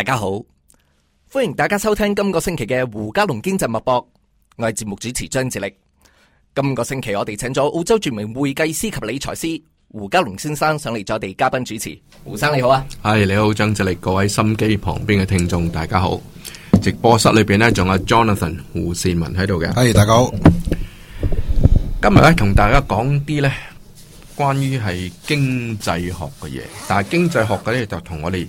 大家好，歡迎大家收聽今個星期嘅胡家龍經濟脈搏，我係節目主持張志力。今個星期我哋請咗澳洲著名會計師及理財師胡家龍先生上嚟做我哋嘉賓主持。胡生你好啊？係，你好張志力，各位心機旁邊嘅聽眾大家好，直播室裏邊呢，仲有 Jonathan 胡士文喺度嘅。係，大家好。今日咧同大家講啲呢關於係經濟學嘅嘢，但係經濟學嘅咧就同我哋。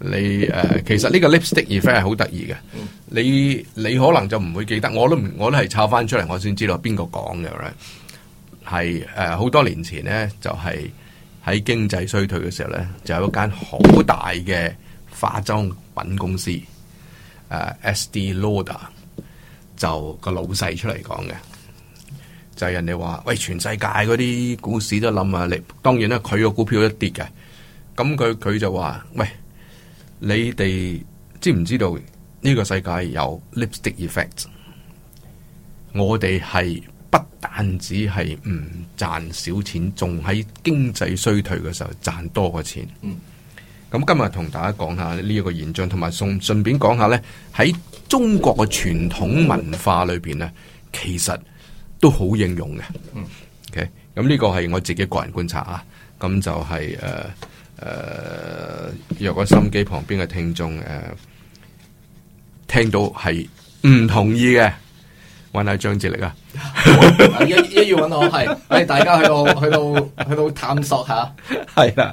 你誒、呃、其實呢個 lipstick effect 係好得意嘅，你你可能就唔會記得，我都唔我都係抄翻出嚟，我先知道邊個講嘅咧。係誒好多年前咧，就係、是、喺經濟衰退嘅時候咧，就有一間好大嘅化妝品公司誒、呃、S. D. Lauder 就個老細出嚟講嘅，就係、是、人哋話：喂，全世界嗰啲股市都冧下，你當然啦，佢個股票都跌嘅。咁佢佢就話：喂！你哋知唔知道呢個世界有 Lipstick Effect？我哋係不但止係唔賺少錢，仲喺經濟衰退嘅時候賺多個錢。嗯，咁今日同大家講下呢一個現象，同埋順順便講下咧，喺中國嘅傳統文化裏邊咧，其實都好應用嘅。嗯，OK，咁呢個係我自己個人觀察啊，咁就係、是、誒。Uh, 誒，若果、uh, 心機旁邊嘅聽眾誒，uh, 聽到係唔同意嘅，揾下張智力啊，啊一一要揾我係， 大家去到 去到去到,去到探索下，係啦，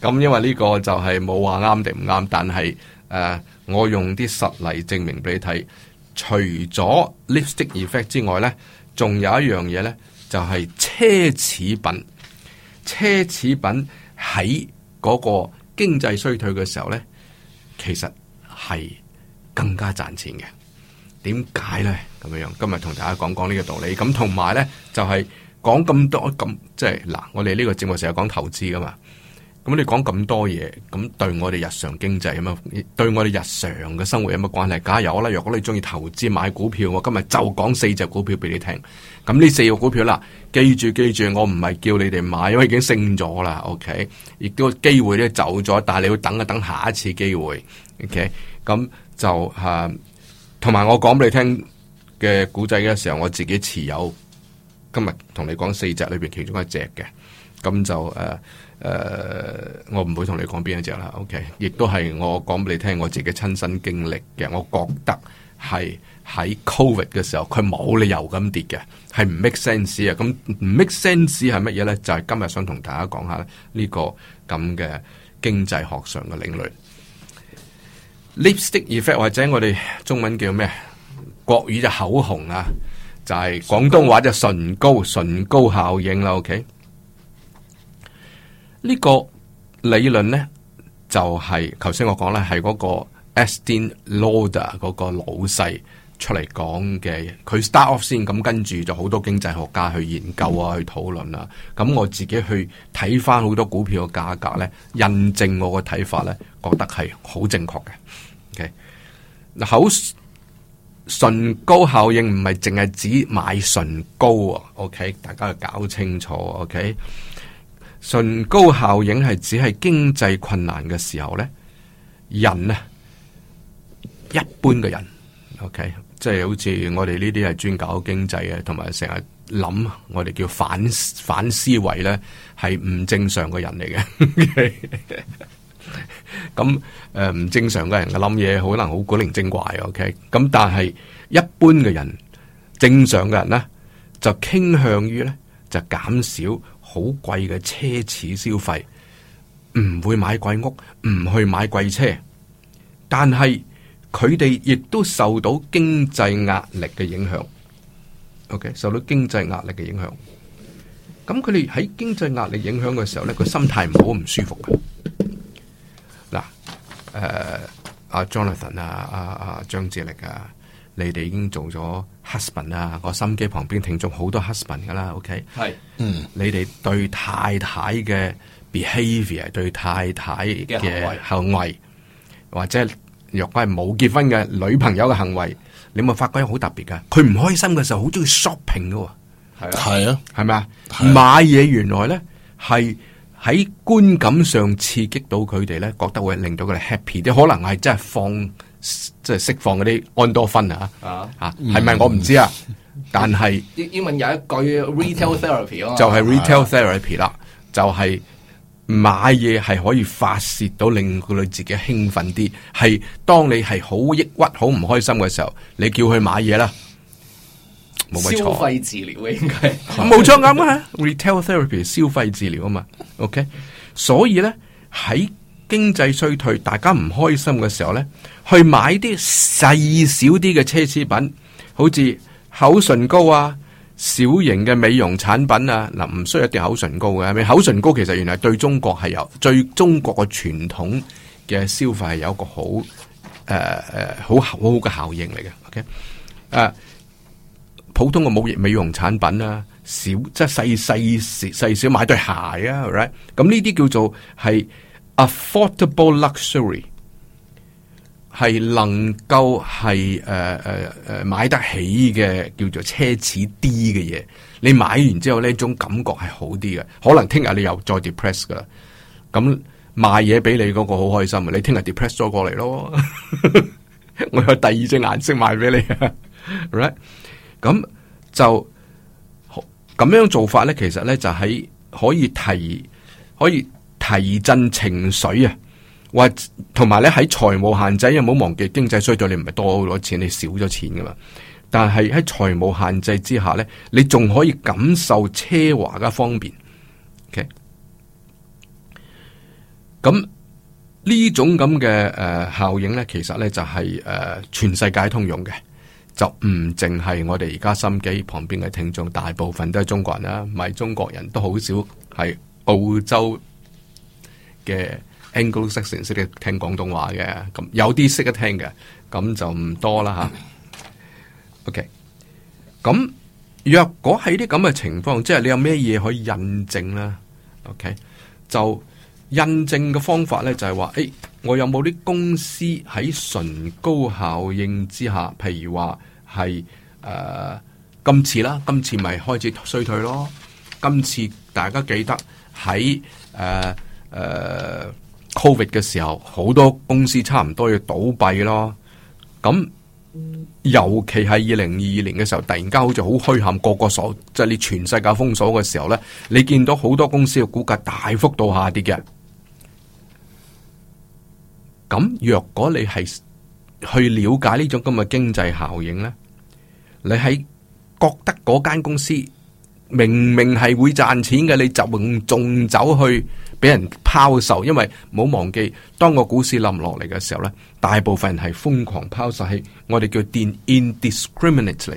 咁因為呢個就係冇話啱定唔啱，但係誒、uh, 我用啲實例證明俾你睇，除咗 lipstick effect 之外咧，仲有一樣嘢咧，就係、是、奢侈品，奢侈品喺。嗰個經濟衰退嘅時候咧，其實係更加賺錢嘅。點解咧？咁樣樣，今日同大家講講呢個道理。咁同埋咧，就係講咁多咁，即係嗱，我哋呢個節目成日講投資㗎嘛。咁你講咁多嘢，咁對我哋日常經濟有冇？對我哋日常嘅生活有乜關係？假如啦，若果你中意投資買股票，我今日就講四隻股票俾你聽。咁呢四隻股票啦，記住記住，我唔係叫你哋買，因為已經升咗啦。O K，亦都機會咧走咗，但係你要等一等下一次機會。O K，咁就吓，同、啊、埋我講俾你聽嘅股仔嘅時候，我自己持有，今日同你講四隻裏邊其中一隻嘅，咁就誒。啊誒，uh, 我唔會同你講邊一隻啦，OK？亦都係我講俾你聽，我自己親身經歷嘅，我覺得係喺 Covid 嘅時候，佢冇理由咁跌嘅，係唔 make sense 啊！咁唔 make sense 係乜嘢咧？就係、是、今日想同大家講下呢個咁嘅經濟學上嘅領域，lipstick effect 或者我哋中文叫咩？國語就口紅啊，就係、是、廣東話就唇膏、唇膏效應啦，OK？呢個理論呢，就係頭先我講呢，係嗰個 Estée Lauder 嗰個老細出嚟講嘅。佢 start off 先，咁跟住就好多經濟學家去研究啊，去討論啊。咁我自己去睇翻好多股票嘅價格呢，印證我個睇法呢，覺得係好正確嘅。O K，嗱，口唇膏效應唔係淨係指買唇膏啊。O、okay? K，大家要搞清楚。O K。唇高效應係只係經濟困難嘅時候咧，人啊，一般嘅人，OK，即係好似我哋呢啲係專搞經濟嘅，同埋成日諗，我哋叫反反思維咧，係唔正常嘅人嚟嘅。咁、okay? 誒， 唔正常嘅人嘅諗嘢可能好古靈精怪，OK，咁但係一般嘅人，正常嘅人咧，就傾向於咧就減少。好貴嘅奢侈消費，唔會買貴屋，唔去買貴車，但係佢哋亦都受到經濟壓力嘅影響。OK，受到經濟壓力嘅影響，咁佢哋喺經濟壓力影響嘅時候咧，個心態唔好，唔舒服嘅。嗱，誒，阿 Jonathan 啊，阿阿張智力啊。Uh, 你哋已經做咗 husband 啊，個心機旁邊聽咗好多 husband 噶啦，OK？係，嗯，你哋對太太嘅 behaviour，對太太嘅行為，的行為或者若果係冇結婚嘅女朋友嘅行為，你咪發覺有好特別嘅，佢唔開心嘅時候好中意 shopping 嘅喎，係啊，係啊，係咪啊？係啊，買嘢原來咧係喺觀感上刺激到佢哋咧，覺得會令到佢哋 happy，啲可能係真係放。即係釋放嗰啲安多芬啊，啊係咪、啊、我唔知啊？但係英文有一句 retail therapy 啊就係 retail therapy 啦，就係、是、買嘢係可以發洩到令佢哋自己興奮啲。係當你係好抑鬱、好唔開心嘅時候，你叫佢買嘢啦，冇錯。消費治療嘅應該冇錯咁啊 ，retail therapy 消費治療啊嘛。OK，所以咧喺。經濟衰退，大家唔開心嘅時候咧，去買啲細少啲嘅奢侈品，好似口唇膏啊、小型嘅美容產品啊，嗱、啊、唔需要一定口唇膏嘅，係咪？口唇膏其實原來對中國係有對中國嘅傳統嘅消費係有一個、呃、好誒誒好好嘅效應嚟嘅。ok，誒、啊，普通嘅冇容美容產品啊，小即係細細細少買對鞋啊，咁呢啲叫做係。affordable luxury 係能夠係誒誒誒買得起嘅叫做奢侈啲嘅嘢，你買完之後呢種感覺係好啲嘅，可能聽日你又再 depress 噶啦。咁賣嘢俾你嗰個好開心啊！你聽日 depress 咗過嚟咯， 我有第二隻顏色賣俾你啊，right？咁就咁樣做法咧，其實咧就喺、是、可以提可以。提振情緒啊，或同埋咧喺財務限制，又唔好忘記經濟衰咗，你唔係多好多錢，你少咗錢㗎嘛。但係喺財務限制之下咧，你仲可以感受奢華嘅方便。OK，咁呢種咁嘅誒效應咧，其實咧就係誒全世界通用嘅，就唔淨係我哋而家心機旁邊嘅聽眾，大部分都係中國人啦，唔係中國人都好少係澳洲。嘅 English 係識得聽廣東話嘅咁有啲識得聽嘅咁就唔多啦吓、啊、OK，咁若果喺啲咁嘅情況，即係你有咩嘢可以印證呢 okay，印證咧？OK，就印證嘅方法咧就係、是、話：，誒、欸，我有冇啲公司喺唇膏效應之下，譬如話係誒今次啦，今次咪開始衰退咯。今次大家記得喺誒。呃誒、uh,，Covid 嘅時候，好多公司差唔多要倒閉咯。咁，尤其係二零二二年嘅時候，突然間好似好虛陷，個個所，即、就、係、是、你全世界封鎖嘅時候呢，你見到好多公司嘅股價大幅度下跌嘅。咁若果你係去了解呢種咁嘅經濟效應呢，你喺覺得嗰間公司。明明係會賺錢嘅，你就仲走去俾人拋售，因為唔好忘記，當個股市冧落嚟嘅時候呢，大部分人係瘋狂拋售，係我哋叫電 indiscriminately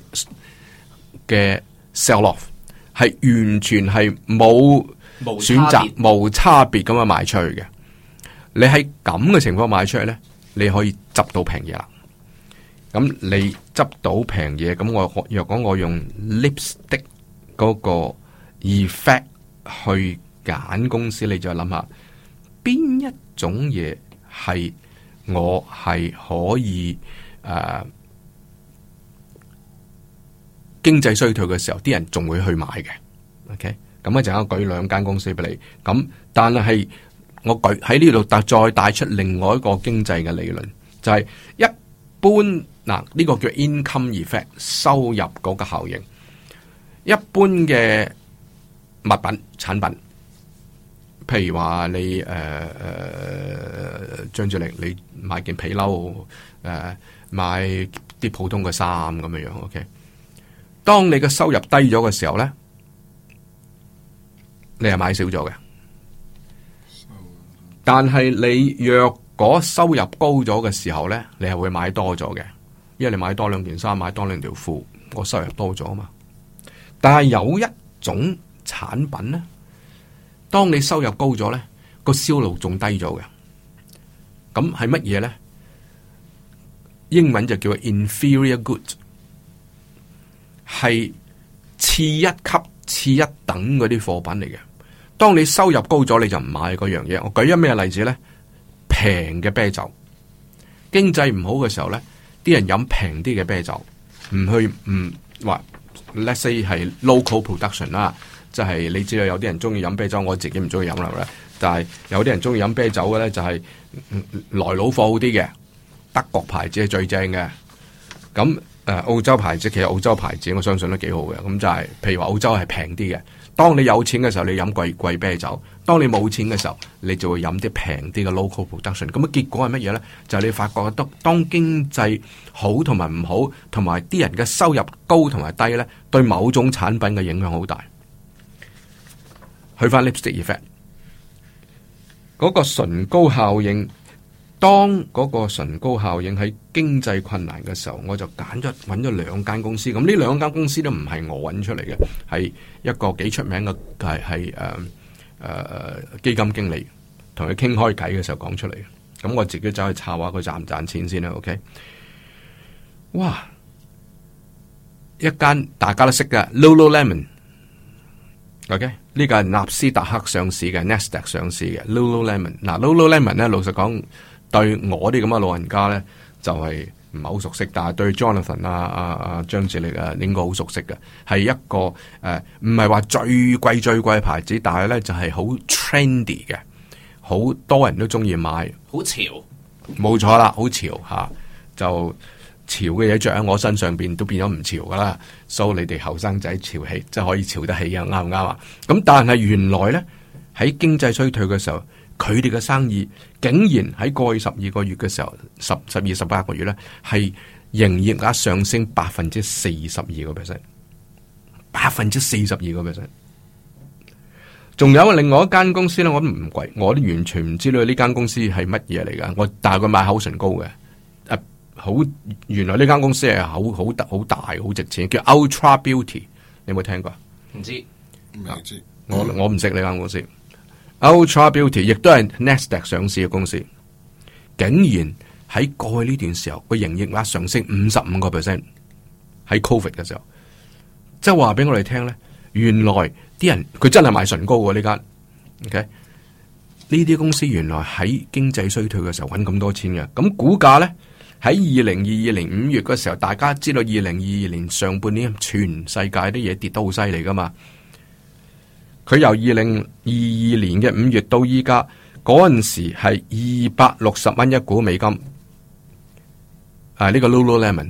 嘅 sell off，係完全係冇選擇、冇差別咁樣賣出去嘅。你喺咁嘅情況賣出去呢，你可以執到平嘢啦。咁你執到平嘢，咁我若果我用 lipstick。嗰個 effect 去揀公司，你再諗下邊一種嘢係我係可以誒、啊、經濟衰退嘅時候，啲人仲會去買嘅。OK，咁我陣間舉兩間公司俾你。咁但係我舉喺呢度再帶出另外一個經濟嘅理論，就係、是、一般嗱，呢、啊這個叫 income effect，收入嗰個效應。一般嘅物品、產品，譬如話你誒，張誌玲，你買件皮褸，誒、呃，買啲普通嘅衫咁樣樣。OK，當你嘅收入低咗嘅時候咧，你係買少咗嘅。但係你若果收入高咗嘅時候咧，你係會買多咗嘅，因為你買多兩件衫，買多兩條褲，我收入多咗啊嘛。但係有一種產品呢，當你收入高咗呢，個銷路仲低咗嘅。咁係乜嘢呢？英文就叫 inferior goods，係次一級、次一等嗰啲貨品嚟嘅。當你收入高咗，你就唔買嗰樣嘢。我舉一咩例子呢？平嘅啤酒，經濟唔好嘅時候呢，啲人飲平啲嘅啤酒，唔去唔話。Let's say 係 local production 啦，即係你知道有啲人中意飲啤酒，我自己唔中意飲啦。但係有啲人中意飲啤酒嘅咧，就係來路貨好啲嘅，德國牌子係最正嘅。咁誒，澳洲牌子，其實澳洲牌子，我相信都幾好嘅。咁就係譬如話澳洲係平啲嘅，當你有錢嘅時候你喝，你飲貴貴啤酒。當你冇錢嘅時候，你就會飲啲平啲嘅 local production。咁啊，結果係乜嘢呢？就係、你發覺得當經濟好同埋唔好，同埋啲人嘅收入高同埋低呢，對某種產品嘅影響好大。去翻 lipstick effect，嗰個唇膏效應。當嗰個唇膏效應喺經濟困難嘅時候，我就揀咗揾咗兩間公司。咁呢兩間公司都唔係我揾出嚟嘅，係一個幾出名嘅係係誒誒，uh, 基金經理同佢傾開偈嘅時候講出嚟，咁我自己走去查下佢賺唔賺錢先啦。OK，哇，一間大家都識嘅 Lululemon，OK，okay? 呢個係納斯達克上市嘅、mm hmm.，納斯達克上市嘅 Lululemon。嗱，Lululemon 咧、啊 ul，老實講，對我啲咁嘅老人家咧，就係、是。唔係好熟悉，但係對 Jonathan 啊啊啊，張智霖啊應該好熟悉嘅，係一個誒唔係話最貴最貴嘅牌子，但係咧就係、是、好 trendy 嘅，好多人都中意買，好潮，冇錯啦，好潮吓、啊，就潮嘅嘢着喺我身上邊都變咗唔潮噶啦，所、so, 以你哋後生仔潮起，即係可以潮得起啊，啱唔啱啊？咁但係原來咧喺經濟衰退嘅時候。佢哋嘅生意竟然喺過去十二個月嘅時候，十十二十八個月咧，係營業額上升百分之四十二個 percent，百分之四十二個 percent。仲有另外一間公司咧，我唔貴，我都完全唔知道呢間公司係乜嘢嚟噶。我但係佢買口唇膏嘅，誒、啊、好，原來呢間公司係好好好大好值錢，叫 Ultra Beauty，你有冇聽過？唔知，唔知，我我唔識呢間公司。Ultra Beauty 亦都係 Nasdaq 上市嘅公司，竟然喺過去呢段時候個營業額上升五十五個 percent，喺 Covid 嘅時候，即係話俾我哋聽咧，原來啲人佢真係賣唇膏嘅呢間，OK？呢啲公司原來喺經濟衰退嘅時候揾咁多錢嘅，咁股價咧喺二零二二年五月嘅時候，大家知道二零二二年上半年全世界啲嘢跌得好犀利噶嘛？佢由二零二二年嘅五月到依家嗰陣時係二百六十蚊一股美金，係呢個 Lululemon。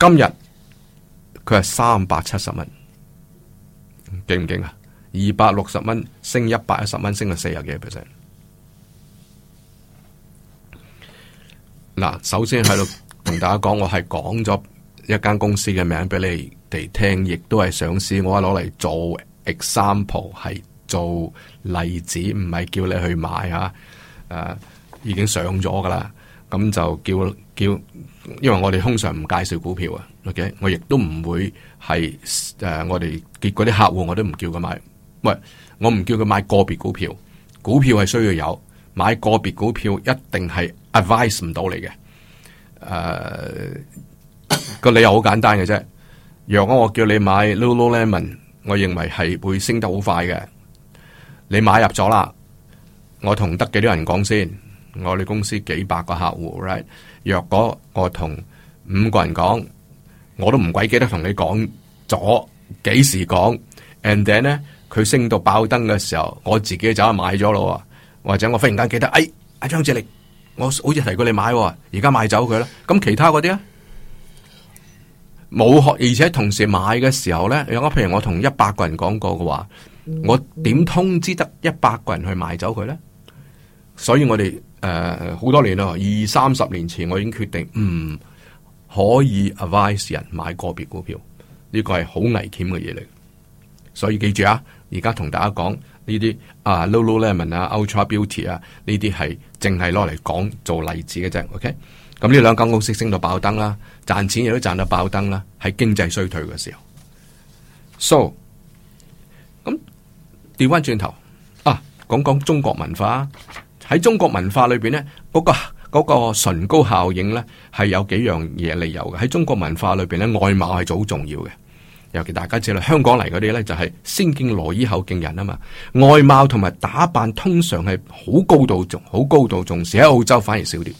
今日佢係三百七十蚊，勁唔勁啊？二百六十蚊升一百一十蚊，升到四十幾 percent。嗱，首先喺度同大家講，我係講咗一間公司嘅名俾你哋聽，亦都係上市，我攞嚟做。example 係做例子，唔係叫你去買吓，誒、啊，已經上咗噶啦，咁就叫叫，因為我哋通常唔介紹股票啊，ok，我亦都唔會係誒、啊，我哋結果啲客戶我都唔叫佢買，喂，我唔叫佢買個別股票，股票係需要有買個別股票一定係 advice 唔到你嘅，誒、啊，個理由好簡單嘅啫，若果我叫你買 Lululemon。我認為係會升得好快嘅，你買入咗啦。我同得幾多人講先？我哋公司幾百個客戶，right？若果我同五個人講，我都唔鬼記得同你講咗幾時講，and then 咧，佢升到爆燈嘅時候，我自己走去買咗咯。或者我忽然間記得，哎，阿張智力，我好似提過你買，而家買走佢啦。咁其他嗰啲啊？冇學，而且同時買嘅時候咧，有我譬如我同一百個人講過嘅話，我點通知得一百個人去買走佢咧？所以我哋誒、呃、好多年啦，二三十年前我已經決定唔、嗯、可以 advise 人買個別股票，呢個係好危險嘅嘢嚟。所以記住啊，而家同大家講呢啲啊，Lululemon 啊，Ultra Beauty 啊，呢啲係淨係攞嚟講做例子嘅啫，OK。咁呢兩間公司升到爆燈啦，賺錢亦都賺到爆燈啦，係經濟衰退嘅時候。So，咁調翻轉頭啊，講講中國文化，喺中國文化裏邊呢，嗰個嗰個唇膏效應呢，係有幾樣嘢理由嘅。喺中國文化裏邊呢，外貌係好重要嘅，尤其大家知道香港嚟嗰啲呢，就係先敬羅衣後敬人啊嘛，外貌同埋打扮通常係好高，高度重視，喺澳洲反而少啲。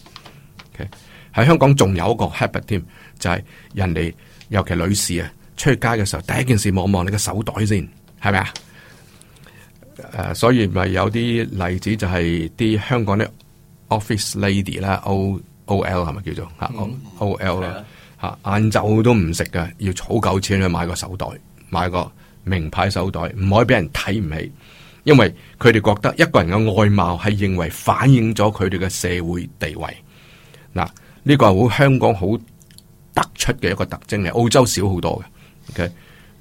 喺香港仲有一個 habit 添，就係人哋，尤其女士啊，出街嘅時候，第一件事望望你個手袋先，係咪啊？誒，所以咪有啲例子就係啲香港啲 office lady 啦，O O L 係咪叫做吓、嗯、O O L 啦？吓晏晝都唔食噶，要儲夠錢去買個手袋，買個名牌手袋，唔可以俾人睇唔起，因為佢哋覺得一個人嘅外貌係認為反映咗佢哋嘅社會地位嗱。呢個係好香港好突出嘅一個特徵嚟，澳洲少好多嘅。OK，誒、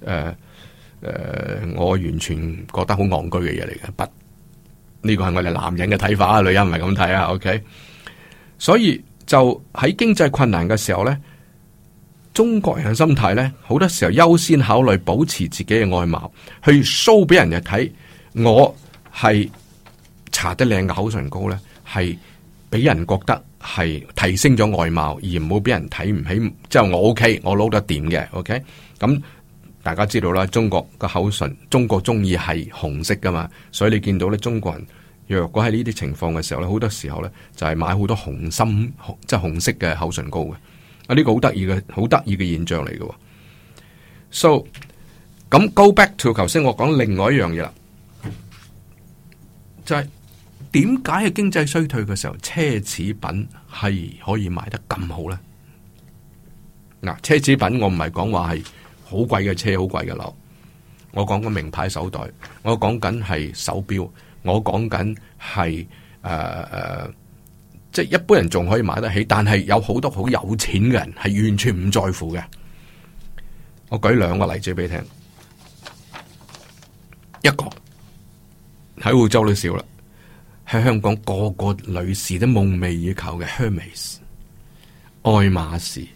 呃、誒、呃，我完全覺得好戇居嘅嘢嚟嘅。不，呢個係我哋男人嘅睇法啊，女人唔係咁睇啊。OK，所以就喺經濟困難嘅時候咧，中國人嘅心態咧，好多時候優先考慮保持自己嘅外貌，去 show 俾人哋睇，我係搽得靚嘅口唇膏咧，係俾人覺得。係提升咗外貌，而唔好俾人睇唔起。即係我 OK，我攞得掂嘅 OK。咁大家知道啦，中國個口唇，中國中意係紅色噶嘛。所以你見到咧，中國人若果喺呢啲情況嘅時候咧，好多時候咧就係買好多紅心，紅即係紅色嘅口唇膏嘅。啊，呢個好得意嘅，好得意嘅現象嚟嘅。So 咁 go back to，頭先我講另外一樣嘢啦，即係。點解係經濟衰退嘅時候，奢侈品係可以賣得咁好咧？嗱、啊，奢侈品我唔係講話係好貴嘅車、好貴嘅樓，我講緊名牌手袋，我講緊係手錶，我講緊係誒，即係一般人仲可以買得起，但係有好多好有錢嘅人係完全唔在乎嘅。我舉兩個例子俾你聽，一個喺澳洲都少啦。喺香港，個個女士都夢寐以求嘅 Hermes，Hermes，愛馬仕，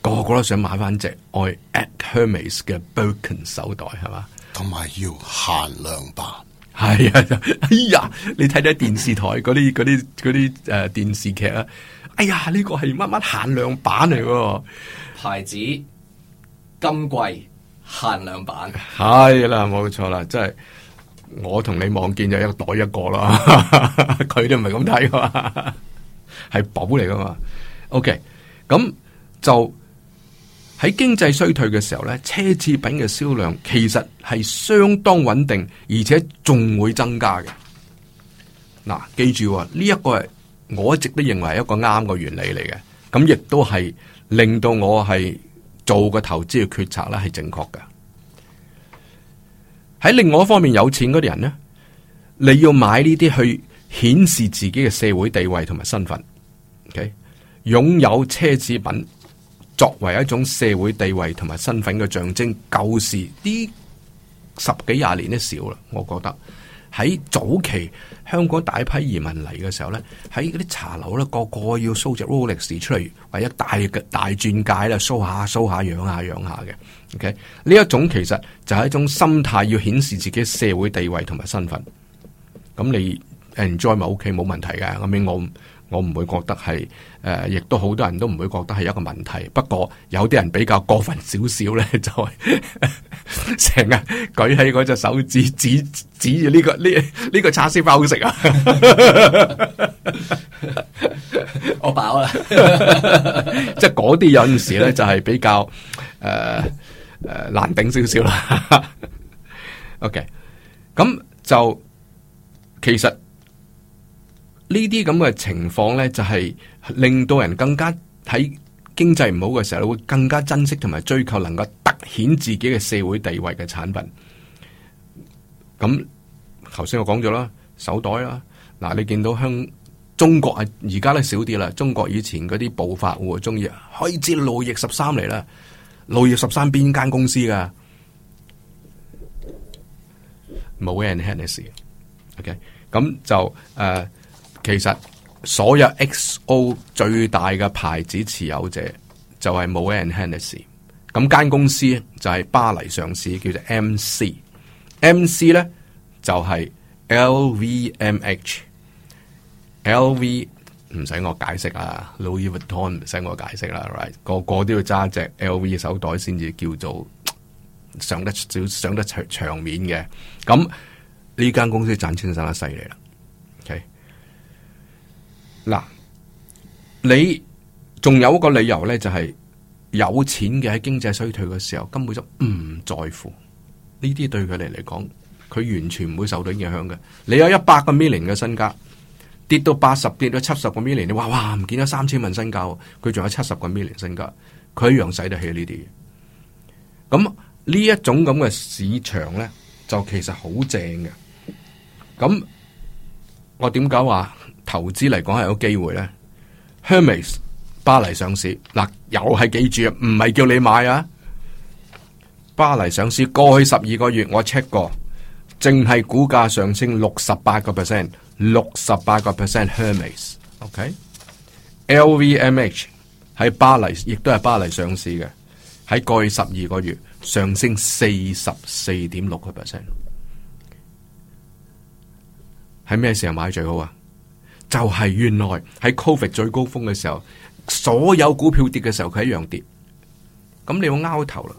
個個都想買翻隻愛 At Hermes 嘅 Birkin 手袋，係嘛？同埋要限量版。係啊，哎呀，你睇睇電視台嗰啲、嗰啲、嗰啲誒電視劇啊，哎呀，呢、這個係乜乜限量版嚟㗎？牌子金貴限量版，係啦、啊，冇錯啦，真係。我同你望見就一個袋一個啦，佢都唔係咁睇噶嘛，係寶嚟噶嘛。OK，咁就喺經濟衰退嘅時候咧，奢侈品嘅銷量其實係相當穩定，而且仲會增加嘅。嗱、啊，記住喎，呢、這、一個我一直都認為係一個啱嘅原理嚟嘅，咁亦都係令到我係做個投資嘅決策咧係正確嘅。喺另外一方面，有錢嗰啲人咧，你要買呢啲去顯示自己嘅社會地位同埋身份。OK，擁有奢侈品作為一種社會地位同埋身份嘅象徵，舊時啲十幾廿年都少啦。我覺得喺早期香港大批移民嚟嘅時候咧，喺嗰啲茶樓咧，個個要 show 隻 Rolex 出嚟，或者大嘅大鑽戒啦，show 下 show 下，養下養下嘅。OK，呢一種其實就係一種心態，要顯示自己社會地位同埋身份。咁你 enjoy 咪 OK，冇問題嘅。咁樣我我唔會覺得係誒，亦、呃、都好多人都唔會覺得係一個問題。不過有啲人比較過分少少咧，就成日 舉起嗰隻手指指指住呢、這個呢呢、這個這個叉燒包好食啊那些！我飽啦，即係嗰啲有陣時咧就係、是、比較誒。呃誒，uh, 難頂少少啦。 OK，咁就其實呢啲咁嘅情況呢，就係、是、令到人更加喺經濟唔好嘅時候，會更加珍惜同埋追求能夠凸顯自己嘅社會地位嘅產品。咁頭先我講咗啦，手袋啦，嗱你見到香中國啊，而家呢少啲啦。中國以前嗰啲暴發戶中意開支路易十三嚟啦。六月十三邊間公司噶？Moët and Hennessy，OK，咁就誒，其實所有 XO 最大嘅牌子持有者就係 Moët and Hennessy，咁間公司就喺巴黎上市，叫做 M C，M C 咧就係 L V M H，L V。唔使我解釋啊，Louis Vuitton 唔使我解釋啦，right 個個都要揸隻 LV 手袋先至叫做上得出、上得長場面嘅。咁呢間公司賺錢賺得犀利啦。OK，嗱，你仲有一個理由咧，就係、是、有錢嘅喺經濟衰退嘅時候根本就唔在乎呢啲，這些對佢哋嚟講，佢完全唔會受到影響嘅。你有一百個 million 嘅身家，跌到八十，跌到七十個 million，你哇哇唔見咗三千萬身價，佢仲有七十個 million 身價，佢一樣使得起呢啲。咁呢一種咁嘅市場咧，就其實好正嘅。咁我點解話？投資嚟講係有機會咧。Hermes 巴黎上市，嗱又係記住啊，唔係叫你買啊。巴黎上市過去十二個月，我 check 過，淨係股價上升六十八個 percent。六十八個 percent Hermes，OK，LVMH，okay？喺巴黎，亦都係巴黎上市嘅，喺過去十二個月上升四十四點六個 percent，喺咩時候買最好啊？就係、是、原來喺 Covid 最高峰嘅時候，所有股票跌嘅時候，佢一樣跌，咁你要拗頭啦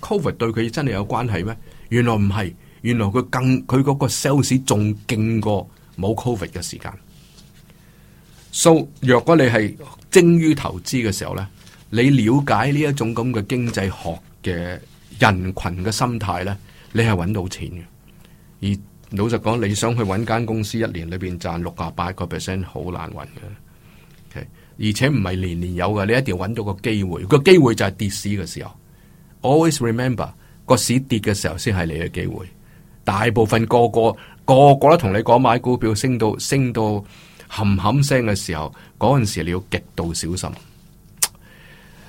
，Covid 對佢真係有關係咩？原來唔係。原來佢更佢嗰個 sales 仲勁過冇 covid 嘅時間。So，若果你係精於投資嘅時候咧，你了解呢一種咁嘅經濟學嘅人群嘅心態咧，你係揾到錢嘅。而老實講，你想去揾間公司一年裏邊賺六啊八個 percent，好難揾嘅。Okay? 而且唔係年年有嘅，你一定要揾到個機會。個機會就係跌市嘅時候。Always remember，個市跌嘅時候先係你嘅機會。大部分個個個個都同你講，買股票升到升到冚冚聲嘅時候，嗰陣時你要極度小心。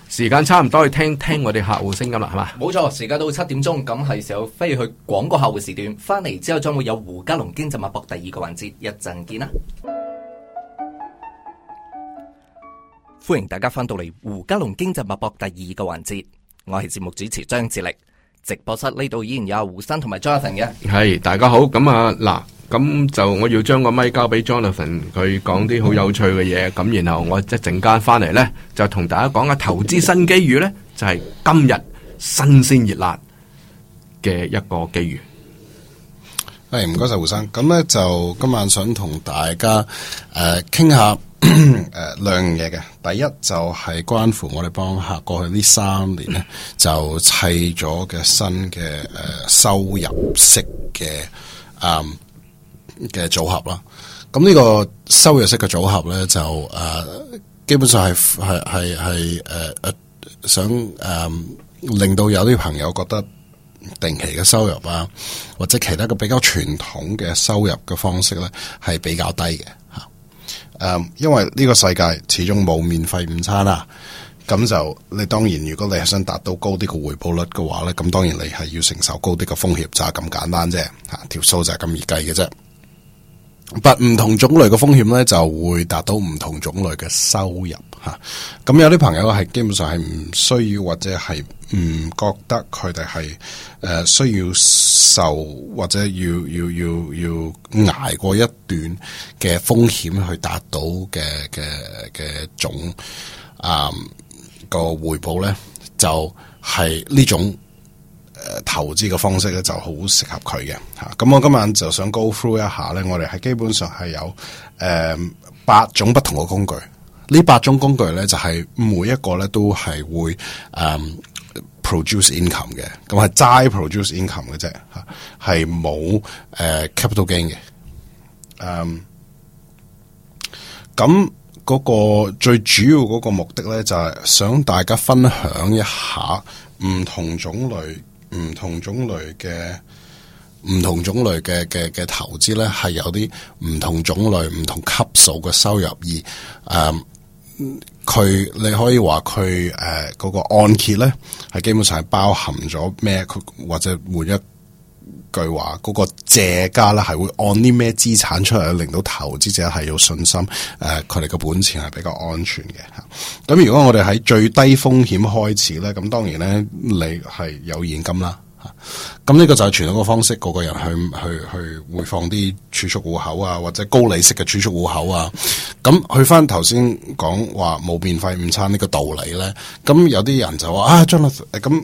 時間差唔多去聽聽我哋客戶聲音啦，係嘛？冇錯，時間到七點鐘，咁係時候飛去廣告客戶時段，翻嚟之後將會有胡嘉龍經濟脈搏第二個環節，一陣見啦！歡迎大家翻到嚟胡嘉龍經濟脈搏第二個環節，我係節目主持張智力。直播室呢度依然有胡生同埋 Jonathan 嘅，係大家好，咁啊嗱，咁就我要將個咪交俾 Jonathan，佢講啲好有趣嘅嘢，咁 然後我一陣間翻嚟咧就同大家講下投資新機遇咧，就係今日新鮮熱辣嘅一個機遇。係唔該晒胡生，咁咧就今晚想同大家誒傾、呃、下誒、 呃、兩樣嘢嘅，第一就係關乎我哋幫客過去呢三年咧就砌咗嘅新嘅誒、呃、收入式嘅誒嘅組合啦。咁呢個收入式嘅組合咧就誒、呃、基本上係係係係誒想誒、呃、令到有啲朋友覺得。定期嘅收入啊，或者其他嘅比較傳統嘅收入嘅方式呢，係比較低嘅吓。誒、啊，因為呢個世界始終冇免費午餐啊，咁就你當然，如果你係想達到高啲嘅回報率嘅話呢，咁當然你係要承受高啲嘅風險，就係咁簡單啫。吓、啊，條數就係咁易計嘅啫。不唔同種類嘅風險咧，就會達到唔同種類嘅收入吓。咁有啲朋友係基本上係唔需要或者係唔覺得佢哋係誒需要受或者要要要要挨過一段嘅風險去達到嘅嘅嘅總啊、嗯那個回報咧，就係呢種。投資嘅方式咧就好適合佢嘅吓，咁、啊、我今晚就想 go through 一下咧，我哋係基本上係有誒、嗯、八種不同嘅工具，呢八種工具咧就係、是、每一個咧都係會誒 produce income 嘅，咁係齋 produce income 嘅啫吓，係冇誒 capital gain 嘅，嗯，咁嗰、啊啊呃嗯、個最主要嗰個目的咧就係、是、想大家分享一下唔同種類。唔同種類嘅唔同種類嘅嘅嘅投資咧，係有啲唔同種類、唔同級數嘅收入。而誒，佢、嗯、你可以話佢誒嗰個按揭咧，係基本上係包含咗咩？佢或者每一。句話嗰、那個借家咧，係會按啲咩資產出嚟，令到投資者係有信心。誒、呃，佢哋嘅本錢係比較安全嘅吓。咁、啊、如果我哋喺最低風險開始咧，咁當然咧，你係有現金啦吓。咁、啊、呢個就係傳統嘅方式，個個人去去去會放啲儲蓄戶口啊，或者高利息嘅儲蓄戶口啊。咁去翻頭先講話冇免費午餐呢個道理咧，咁有啲人就話啊，張律咁。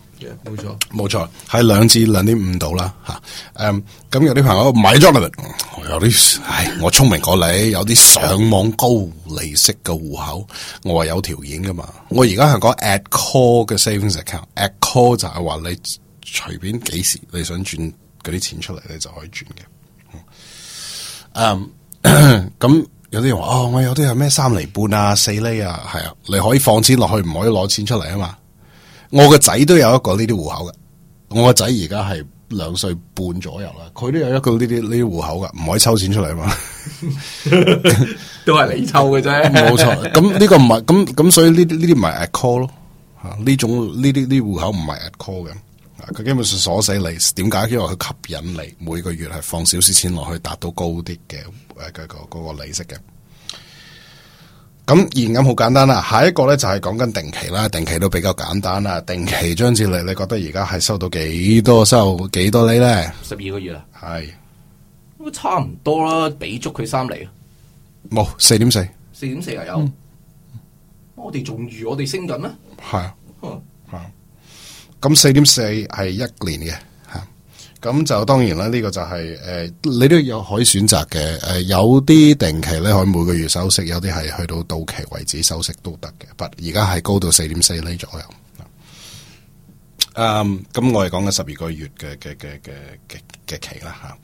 冇、yeah, 錯，冇錯，喺兩至兩點五度啦，吓，誒、嗯，咁有啲朋友買咗啦，我有啲，唉，我聰明過你，有啲上網高利息嘅戶口，我話有條件噶嘛，我而家係講 at call 嘅 saving account，at call 就係話你隨便幾時你想轉嗰啲錢出嚟，你就可以轉嘅，誒、嗯，咁有啲人話，哦，我有啲係咩三厘半啊，四厘啊，係啊，你可以放錢落去，唔可以攞錢出嚟啊嘛。我個仔都有一個呢啲戶口嘅，我個仔而家係兩歲半左右啦，佢都有一個呢啲呢啲戶口嘅，唔可以抽錢出嚟啊嘛， 都係你抽嘅啫。冇錯，咁呢個唔係，咁咁所以呢啲呢啲唔係 account 咯，吓呢種呢啲呢戶口唔係 account 嘅，佢基本上鎖死你，點解？因為佢吸引你每個月係放少少錢落去，達到高啲嘅誒個嗰、嗰個嗰個利息嘅。咁現金好簡單啦，下一個咧就係講緊定期啦，定期都比較簡單啦。定期張志利，你覺得而家係收到幾多收幾多釐咧？十二個月啊，係是，都差唔多啦，畀足佢三釐。冇四點四，四點四啊有，我哋仲預我哋升緊咩？係、啊，係呵。咁四點四係一年嘅。咁就當然啦，呢、這個就係、是、誒、呃，你都有可以選擇嘅。誒、呃，有啲定期咧可以每個月收息，有啲係去到到期為止收息都得嘅。但而家係高到四點四厘左右。嗯，咁、嗯嗯、我哋講緊十二個月嘅嘅嘅嘅嘅嘅期啦，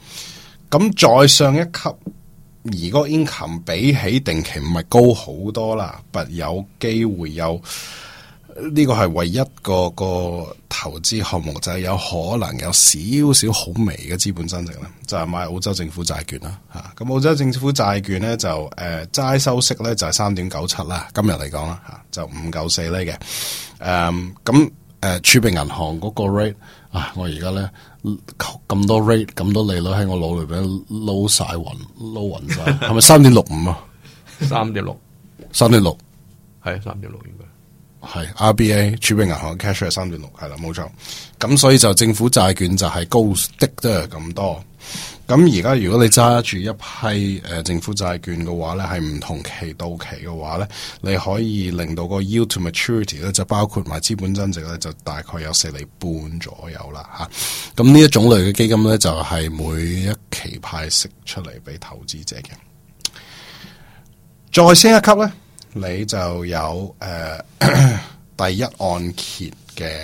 咁再、啊嗯、上一級，而個 income 比起定期唔係高好多啦，但有機會有呢、這個係唯一個個。投資項目就係有可能有少少好微嘅資本增值啦，就係、是、買澳洲政府債券啦吓。咁澳洲政府債券咧就誒齋、呃、收息咧就係三點九七啦，今日嚟講啦吓，就五九四呢嘅。誒咁誒儲備銀行嗰個 rate 啊，我而家咧咁多 rate 咁多利率喺我腦裏邊撈晒匀撈匀晒，係咪三點六五啊？三點六，三點六，係三點六應該係 RBA 儲備銀行 cash rate 係三點六，係啦，冇錯。咁所以就政府債券就係高的都係咁多。咁而家如果你揸住一批誒政府債券嘅話咧係唔同期到期嘅話咧，你可以令到個 yield to maturity 咧就包括埋資本增值咧，就大概有四厘半左右啦，吓。咁呢一種類嘅基金咧就係、是、每一期派息出嚟俾投資者嘅再升一級咧。你就有誒、呃、第一按揭嘅誒、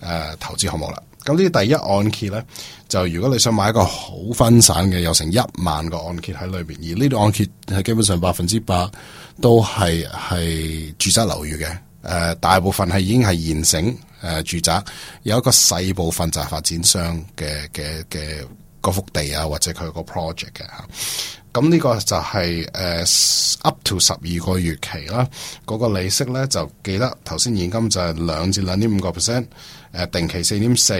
呃、投資項目啦。咁呢啲第一按揭咧，就如果你想買一個好分散嘅，有成一萬個按揭喺裏邊，而呢啲按揭係基本上百分之百都係係住宅樓宇嘅。誒、呃、大部分係已經係現成誒、呃、住宅，有一個細部分就係發展商嘅嘅嘅幅地啊，或者佢個 project 嘅、啊、嚇。咁呢個就係、是、誒、uh，up to 十二個月期啦，嗰、那個利息咧就記得頭先現金就係兩至兩點五個 percent，誒，定期四點四，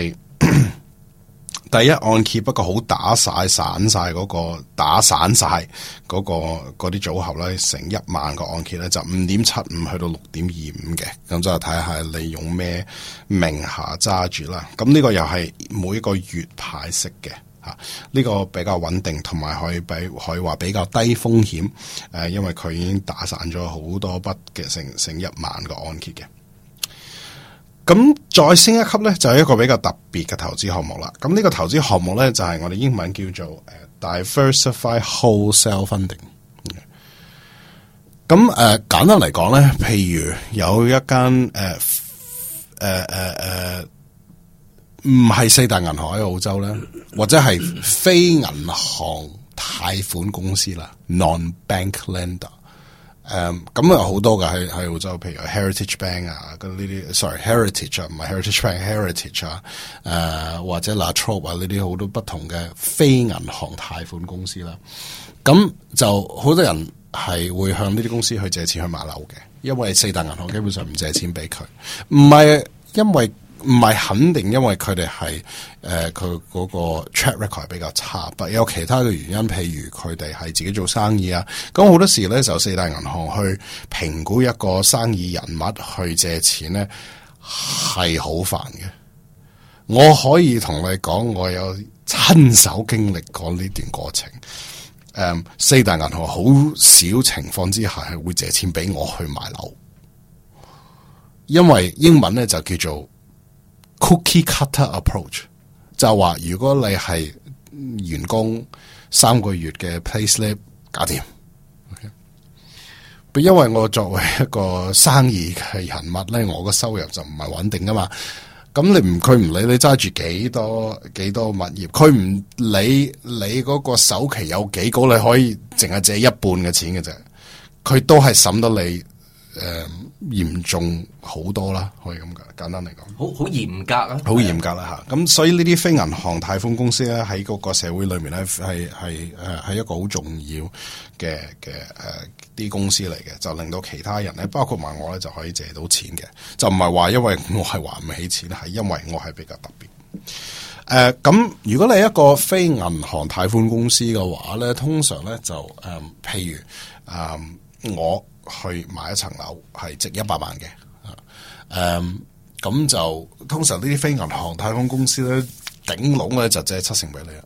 第一按揭不過好打晒散晒嗰、那個打散晒嗰、那個嗰啲組合咧，成一萬個按揭咧就五點七五去到六點二五嘅，咁就睇下你用咩名下揸住啦。咁呢個又係每一個月派息嘅。呢個比較穩定，同埋可以比可以話比較低風險。誒、呃，因為佢已經打散咗好多筆嘅成成一萬個按揭嘅。咁再升一級呢，就係一個比較特別嘅投資項目啦。咁呢個投資項目呢，就係、是、我哋英文叫做 Diversified Wholesale Funding。咁、嗯、誒、呃，簡單嚟講呢，譬如有一間誒誒誒。呃呃呃呃唔係四大銀行喺澳洲咧，或者係非銀行貸款公司啦，non bank lender，um。誒，咁啊好多嘅喺喺澳洲，譬如 Heritage Bank 啊，跟呢啲 sorry Heritage 啊，唔係 Heritage Bank Heritage 啊，誒、啊、或者 La Trobe 啊，呢啲好多不同嘅非銀行貸款公司啦。咁就好多人係會向呢啲公司去借錢去買樓嘅，因為四大銀行基本上唔借錢俾佢，唔係因為。唔係肯定，因為佢哋係誒，佢嗰個 track record 比較差，不有其他嘅原因，譬如佢哋係自己做生意啊。咁好多時咧，就四大銀行去評估一個生意人物去借錢咧，係好煩嘅。我可以同你講，我有親手經歷過呢段過程。誒、呃，四大銀行好少情況之下係會借錢俾我去買樓，因為英文咧就叫做。Cookie cutter approach 就話如果你係員工三個月嘅 place 咧搞掂，okay? 因為我作為一個生意嘅人物咧，我個收入就唔係穩定噶嘛。咁你唔佢唔理你揸住幾多幾多物業，佢唔理你嗰個首期有幾高，你可以淨係借一半嘅錢嘅啫，佢都係審到你。誒，嚴、嗯、重好多啦，可以咁講，簡單嚟講，好好嚴格啦，好嚴格啦吓。咁的所以呢啲非銀行貸款公司咧，喺個個社會裏面咧，係係誒係一個好重要嘅嘅誒啲公司嚟嘅，就令到其他人咧，包括埋我咧，就可以借到錢嘅。就唔係話因為我係還唔起錢，係因為我係比較特別。誒、呃，咁如果你係一個非銀行貸款公司嘅話咧，通常咧就誒、呃，譬如誒、呃、我。.去買一層樓係值一百萬嘅，誒、um,，咁就通常呢啲非銀行貸款公司咧，頂籠咧就借七成俾你啦。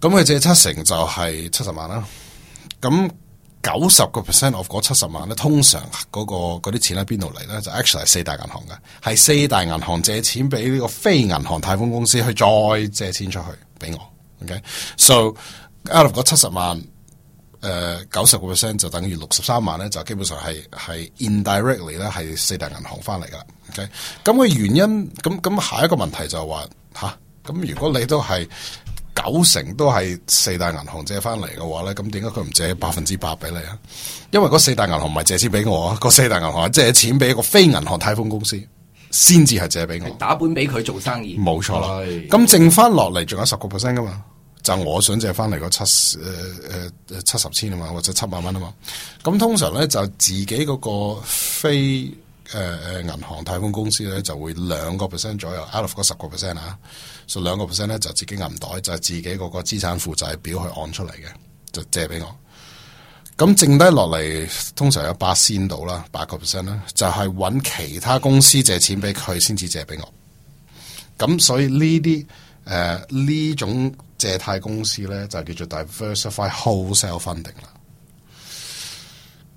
咁佢借七成就係七十萬啦、啊。咁九十個 percent of 嗰七十萬咧，通常嗰、那個嗰啲錢喺邊度嚟咧？就 actually 係四大銀行嘅，係四大銀行借錢俾呢個非銀行貸款公司去再借錢出去俾我。OK，so，out、okay? of 嗰七十萬。誒，九十個 percent 就等於六十三萬咧，就基本上係係 indirectly 咧係四大銀行翻嚟噶。Okay? 咁嘅原因，咁咁下一個問題就係話吓，咁如果你都係九成都係四大銀行借翻嚟嘅話咧，咁點解佢唔借百分之百俾你啊？因為嗰四大銀行唔係借錢俾我啊，個四大銀行借錢俾一個非銀行貸款公司，先至係借俾我打本俾佢做生意。冇錯啦，咁是剩翻落嚟仲有十個 percent 噶嘛。就我想借翻嚟嗰七誒誒、呃、七十千啊嘛，或者七萬蚊啊嘛。咁通常咧就自己嗰個非誒誒銀行貸款公司咧就會兩個 percent 左右，out of 嗰十個 percent 啊，所以兩個 percent 咧就自己銀袋就係、是、自己嗰個資產負債表去按出嚟嘅，就借俾我。咁剩低落嚟通常有八仙到啦，八個 percent 啦，就係、是、搵其他公司借錢俾佢先至借俾我。咁所以呢啲誒呢種。借貸公司咧就叫做 diversify wholesale funding 啦。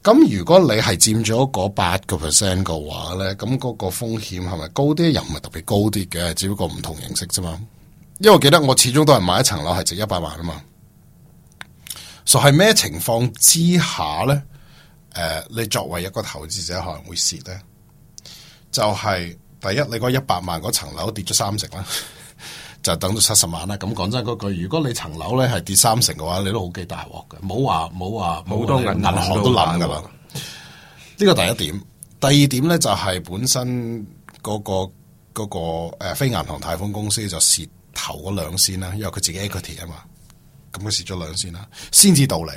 咁如果你係佔咗嗰八個 percent 嘅話咧，咁嗰個風險係咪高啲？又唔係特別高啲嘅，只不過唔同形式啫嘛。因為我記得我始終都係買一層樓係值一百萬啊嘛。所係咩情況之下咧？誒、呃，你作為一個投資者可能會蝕咧，就係、是、第一你嗰一百萬嗰層樓跌咗三成啦。就等到七十萬啦，咁講真嗰句，如果你層樓咧係跌三成嘅話，你都好幾大鑊嘅，冇話冇話，好多銀銀行都諗噶啦。呢個第一點，第二點咧就係本身嗰、那個嗰、那個誒、那個呃，非銀行泰豐公司就蝕頭嗰兩線啦，因為佢自己 equity 啊嘛，咁佢蝕咗兩線啦，先至到你。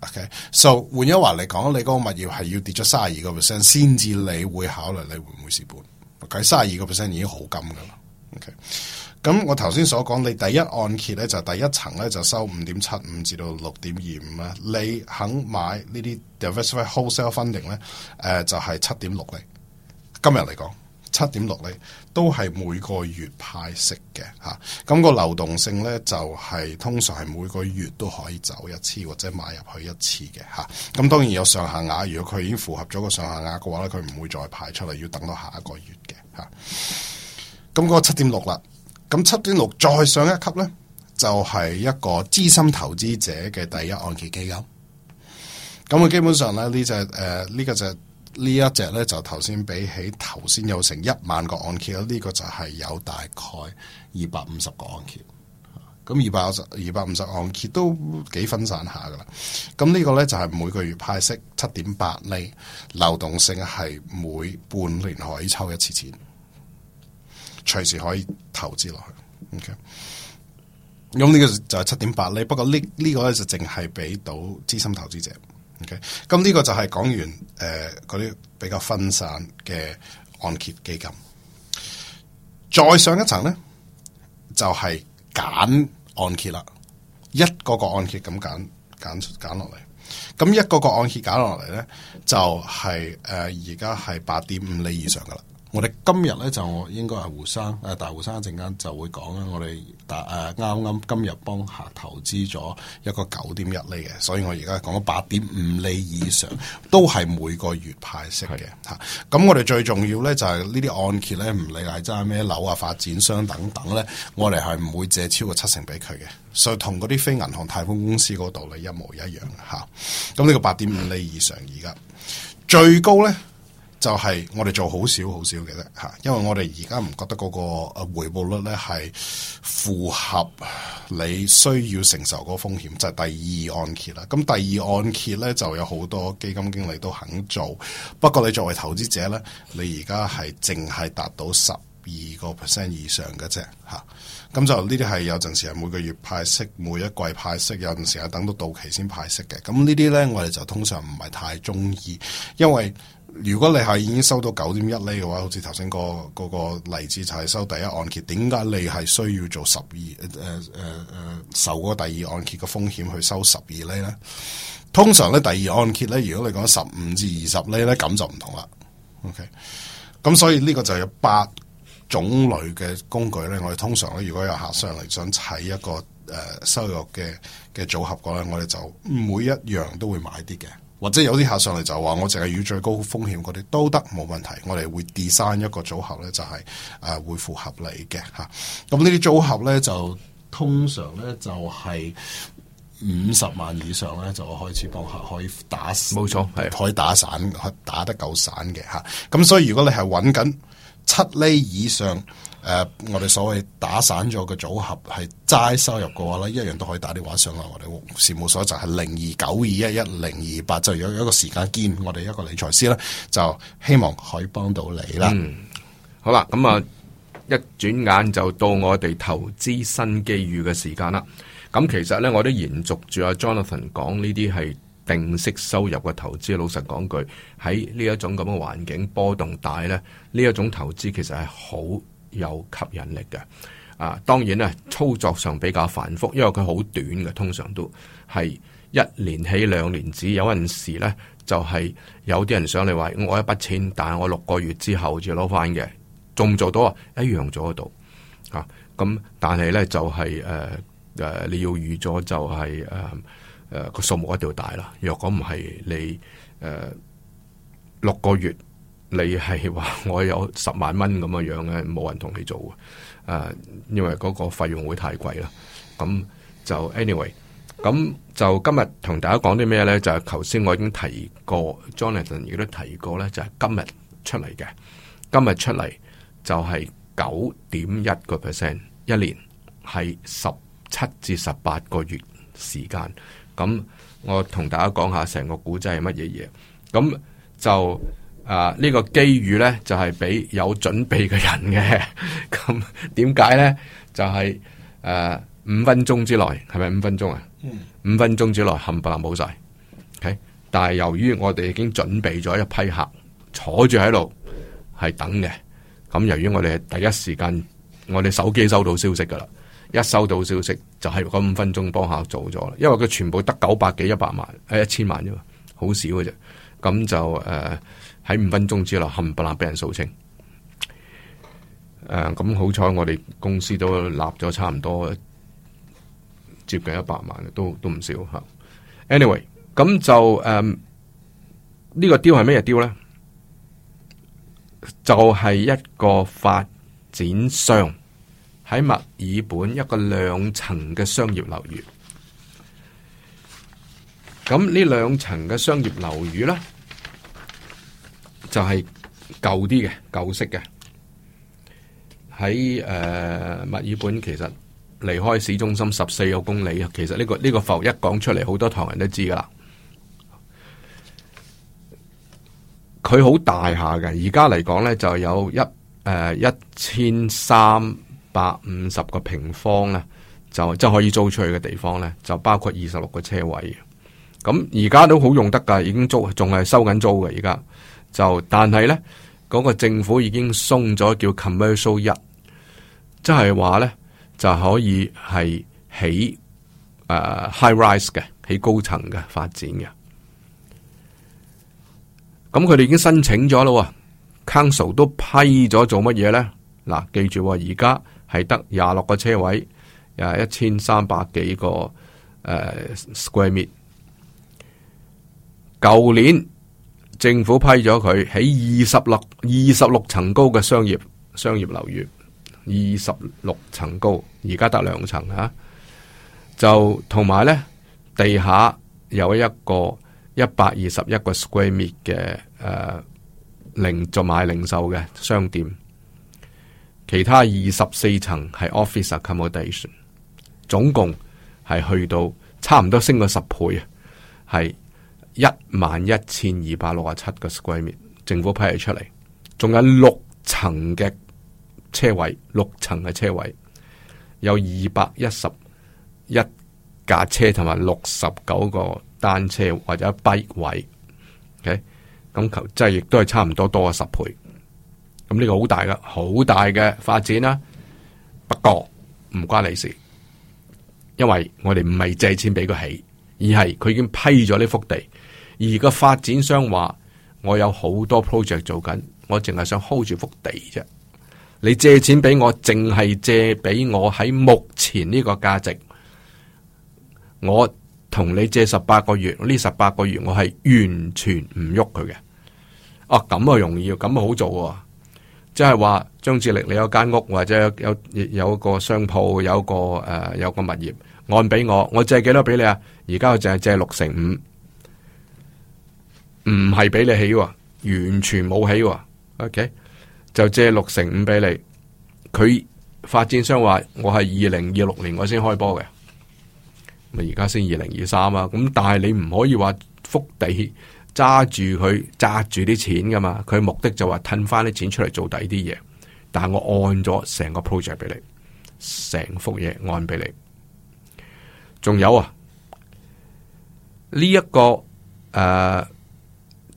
OK，so、okay? 換一句話嚟講，你嗰個物業係要跌咗三十二個 percent 先至你會考慮你會唔會蝕本，計三十二個 percent 已經好金噶啦。OK。咁我頭先所講，你第一按揭咧就係、第一層咧就收五點七五至到六點二五啦。你肯買呢啲 diversified wholesale funding 咧，誒、呃、就係七點六厘。今日嚟講，七點六厘都係每個月派息嘅吓。咁、啊那個流動性咧就係、係、通常係每個月都可以走一次或者買入去一次嘅吓。咁、啊、當然有上下額，如果佢已經符合咗個上下額嘅話咧，佢唔會再派出嚟，要等到下一個月嘅吓。咁、啊、嗰、那個七點六啦。咁七點六再上一級呢，就係一個資深投資者嘅第一按揭基金。咁佢基本上咧呢隻誒呢個就呢一隻呢，就頭先比起頭先有成一萬個按揭。呢個就係有大概二百五十個按揭。咁二百五十二百五十按揭都幾分散下噶啦。咁呢個呢，就係每個月派息七點八厘，流動性係每半年可以抽一次錢。隨時可以投資落去，OK。咁呢個就係七點八厘，不過呢，呢個就淨係俾到資深投資者，OK。咁呢個就係講完誒嗰啲比較分散嘅按揭基金。再上一層咧，就係揀按揭啦，一個個按揭咁揀揀揀落嚟，咁一個個按揭揀落嚟咧，就係誒而家係八點五厘以上噶啦。我哋今日咧就我應該係胡生誒，大胡生一陣間就會講啦。我哋大誒啱啱今日幫客投資咗一個九點一厘嘅，所以我而家講八點五厘以上都係每個月派息嘅吓。咁是的、啊、我哋最重要咧就係呢啲按揭咧，唔理係揸咩樓啊、發展商等等咧，我哋係唔會借超過七成俾佢嘅，所以同嗰啲非銀行貸款公司嗰度，道理一模一樣吓。咁、啊、呢個八點五厘以上，而家最高咧。就係我哋做好少好少嘅啫吓，因為我哋而家唔覺得嗰個誒回報率咧係符合你需要承受嗰個風險，就係、是、第二按揭啦。咁第二按揭咧就有好多基金經理都肯做，不過你作為投資者咧，你而家係淨係達到十二個 percent 以上嘅啫吓。咁就呢啲係有陣時係，每個月派息，每一季派息，有陣時係等到到期先派息嘅。咁呢啲咧我哋就通常唔係太中意，因為。如果你係已經收到九點一厘嘅話，好似頭先個嗰個例子，就係收第一按揭，點解你係需要做十二誒誒誒受嗰第二按揭嘅風險去收十二厘咧？通常咧第二按揭咧，如果你講十五至二十厘咧，咁就唔同啦。OK，咁所以呢個就有八種類嘅工具咧。我哋通常咧，如果有客商嚟想砌一個誒、呃、收入嘅嘅組合嘅咧，我哋就每一樣都會買啲嘅。或者有啲客上嚟就話我淨係要最高風險嗰啲都得冇問題，我哋會 design 一個組合咧就係誒會符合你嘅吓，咁呢啲組合咧就通常咧就係五十萬以上咧就開始幫客可以打，冇錯係可以打散，打得夠散嘅吓，咁所以如果你係揾緊。七厘以上，誒、呃，我哋所謂打散咗嘅組合係齋收入嘅話咧，一樣都可以打電話上嚟。我哋事務所就係零二九二一一零二八，就有一個時間兼，我哋一個理財師啦，就希望可以幫到你啦、嗯。好啦，咁啊，一轉眼就到我哋投資新機遇嘅時間啦。咁其實呢，我都延續住阿 Jonathan 講呢啲係。定息收入嘅投資，老實講句，喺呢一種咁嘅環境波動大呢，呢一種投資其實係好有吸引力嘅。啊，當然咧，操作上比較繁複，因為佢好短嘅，通常都係一年起兩年止。有陣時呢，就係、是、有啲人想你話我一筆錢，但係我六個月之後就攞返嘅，做唔做到啊？一樣做得到啊。咁但係呢，就係誒誒，你要預咗就係、是、誒。啊。個數目一定要大啦。若果唔係你呃、六個月，你係話我有十萬蚊咁嘅樣咧，冇人同你做、呃、因為嗰個費用會太貴啦。咁就 anyway，咁就今日同大家講啲咩咧？就係頭先我已經提過，Jonathan 亦都提過咧，就係今日出嚟嘅。今日出嚟就係九點一個 percent 一年，係十七至十八個月時間。咁我同大家講下成個古仔係乜嘢嘢，咁就啊、這個、機呢個機遇咧就係、是、俾有準備嘅人嘅，咁點解咧就係誒五分鐘之內係咪五分鐘啊？五分鐘之內冚唪唥冇晒，是是 okay? 但係由於我哋已經準備咗一批客坐住喺度係等嘅，咁由於我哋係第一時間我哋手機收到消息噶啦。一收到消息就係、是、五分鐘幫下做咗，因為佢全部得九百幾一百萬誒一千萬啫嘛，好少嘅啫。咁就誒喺五分鐘之內冚唪唥俾人掃清。誒、呃，咁好彩我哋公司都立咗差唔多接近一百萬都都唔少吓。Anyway，咁就誒、呃這個、呢個 deal 係咩 deal 咧？就係、是、一個發展商。喺墨爾本一個兩層嘅商業樓宇，咁呢兩層嘅商業樓宇咧，就係舊啲嘅，舊式嘅。喺誒墨爾本，其實離開市中心十四個公里，其實呢個呢個埠一講出嚟，好多唐人都知噶啦。佢好大一下嘅，而家嚟講咧就有一誒一千三。呃 1, 百五十個平方咧，就即係可以租出去嘅地方咧，就包括二十六個車位嘅。咁而家都好用得噶，已經租，仲係收緊租嘅。而家就，但係咧，嗰個政府已經鬆咗，叫 Commercial 一，即係話咧，就可以係起誒、uh, High Rise 嘅，起高層嘅發展嘅。咁佢哋已經申請咗咯，Council 都批咗，做乜嘢咧？嗱，記住喎，而家。現在係得廿六個車位，誒，一千三百幾個誒 square 米。舊年政府批咗佢起二十六二十六層高嘅商業商業樓宇，二十六層高，而家得兩層吓。就同埋咧，地下有一個一百二十一個 square 米嘅誒零做買零售嘅商店。其他二十四層係 office accommodation，總共係去到差唔多升咗十倍啊，係一萬一千二百六十七個 square 米，政府批咗出嚟，仲有六層嘅車位，六層嘅車位有二百一十一架車同埋六十九個單車或者泊位，OK 咁求即係亦都係差唔多多咗十倍。呢個好大嘅，好大嘅發展啦、啊。不過唔關你事，因為我哋唔係借錢俾佢起，而係佢已經批咗呢幅地。而個發展商話：我有好多 project 做緊，我淨係想 hold 住幅地啫。你借錢俾我，淨係借俾我喺目前呢個價值。我同你借十八個月，呢十八個月我係完全唔喐佢嘅。哦、啊，咁啊容易，咁好做、啊。即係話張志力，你有間屋或者有有有一個商鋪，有一個誒有一個物業，按俾我，我借幾多俾你啊？而家我淨係借六成五，唔係俾你起喎，完全冇起喎，OK？就借六成五俾你。佢發展商話，我係二零二六年我先開波嘅。咪而家先二零二三啊？咁但係你唔可以話復地。揸住佢揸住啲錢噶嘛，佢目的就話褪翻啲錢出嚟做底啲嘢，但係我按咗成個 project 俾你，成幅嘢按俾你。仲有啊，呢、這、一個誒、呃、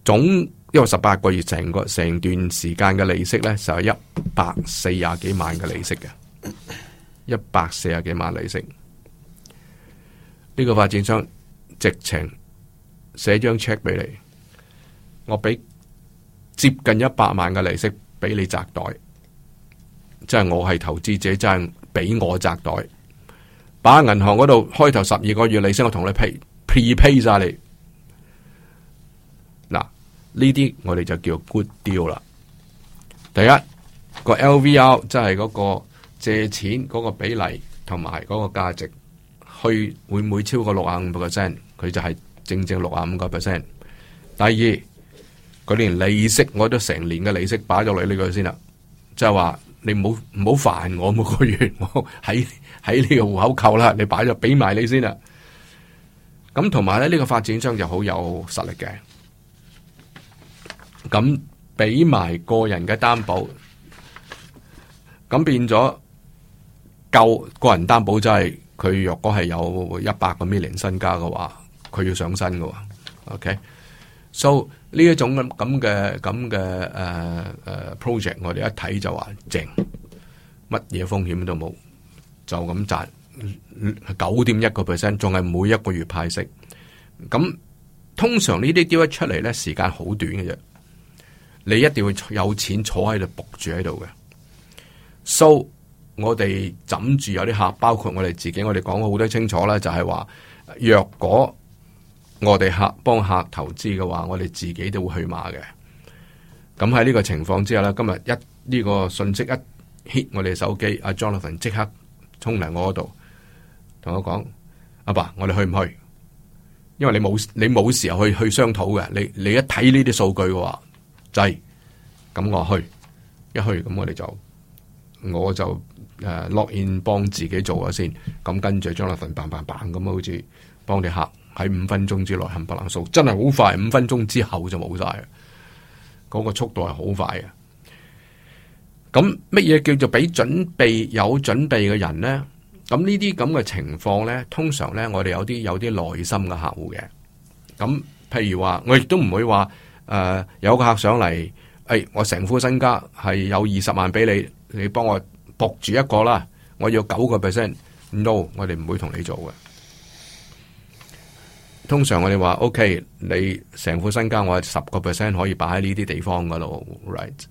總因為十八個月成個成段時間嘅利息咧，就係一百四十幾萬嘅利息嘅，一百四十幾萬利息。呢、這個發展商直情寫張 check 俾你。我俾接近一百萬嘅利息俾你摘袋，即係我係投資者，即係俾我摘袋，把銀行嗰度開頭十二個月利息我同你 pay pay 晒你。嗱，呢啲我哋就叫 good deal 啦。第一，個 LVR 即係嗰個借錢嗰個比例同埋嗰個價值，去會唔會超過六啊五個 percent？佢就係正正六啊五個 percent。第二。嗰年利息，我都成年嘅利息，擺咗、就是、你呢個先啦。即係話你唔好唔好煩我，每個月我喺喺呢個戶口扣啦，你擺咗俾埋你先啦。咁同埋咧呢、這個發展商就好有實力嘅，咁俾埋個人嘅擔保，咁變咗夠個人擔保就係佢。若果係有一百個 million 身家嘅話，佢要上身嘅，ok。so 呢一種咁嘅咁嘅誒誒 project，我哋一睇就話正，乜嘢風險都冇，就咁賺九點一個 percent，仲係每一個月派息。咁通常這些出來呢啲啲一出嚟咧，時間好短嘅啫。你一定會有錢坐喺度僕住喺度嘅。so 我哋枕住有啲客，包括我哋自己，我哋講過好多清楚啦，就係、是、話若果。我哋客幫客投資嘅話，我哋自己都會去馬嘅。咁喺呢個情況之下咧，今日一呢、這個信息，一 hit 我哋手機，阿 Jonathan 即刻衝嚟我嗰度，同我講：阿爸，爸，我哋去唔去？因為你冇你冇時候去去商討嘅。你你一睇呢啲數據嘅話，就係、是、咁我去，一去咁我哋就我就誒落 n 幫自己做咗先。咁跟住 j o n a t h a n g b a 咁，好似幫你客。喺五分鐘之內冚唪唥數，數真係好快。五分鐘之後就冇晒，嗰個速度係好快嘅。咁乜嘢叫做俾準備有準備嘅人呢？咁呢啲咁嘅情況呢，通常呢，我哋有啲有啲耐心嘅客戶嘅。咁譬如話，我亦都唔會話誒、呃，有個客上嚟，誒、哎，我成副身家係有二十萬俾你，你幫我搏住一個啦，我要九個 percent，no，我哋唔會同你做嘅。通常我哋話，OK，你成副身家我係十個 percent 可以擺喺呢啲地方㗎咯，right？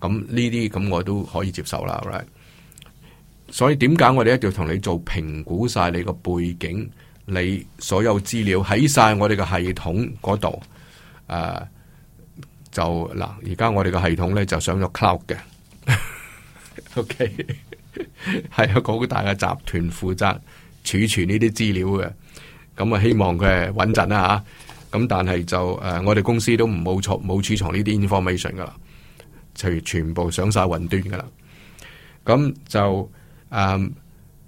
咁呢啲咁我都可以接受啦，right？所以點解我哋一定要同你做評估晒你個背景，你所有資料喺晒我哋個系統嗰度，誒、啊，就嗱，而家我哋個系統咧就上咗 cloud 嘅 ，OK？係 一個好大嘅集團負責儲存呢啲資料嘅。咁啊，希望佢穩陣啦吓，咁但係就我哋公司都唔冇儲冇儲藏呢啲 information 噶啦，除全部上晒雲端噶啦。咁就、嗯、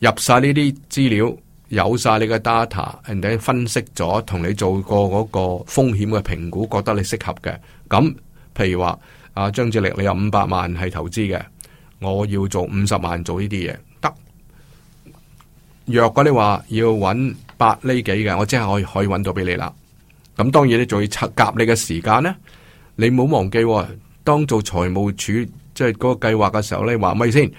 入晒呢啲資料，有晒你個 data，人哋分析咗，同你做過嗰個風險嘅評估，覺得你適合嘅。咁譬如話，阿張志力，你有五百萬係投資嘅，我要做五十萬做呢啲嘢。若果你話要揾八厘幾嘅，我即係可以可以揾到俾你啦。咁當然你仲要拆夾你嘅時間咧。你唔好忘記、哦，當做財務處即係嗰個計劃嘅時候咧，話咪先。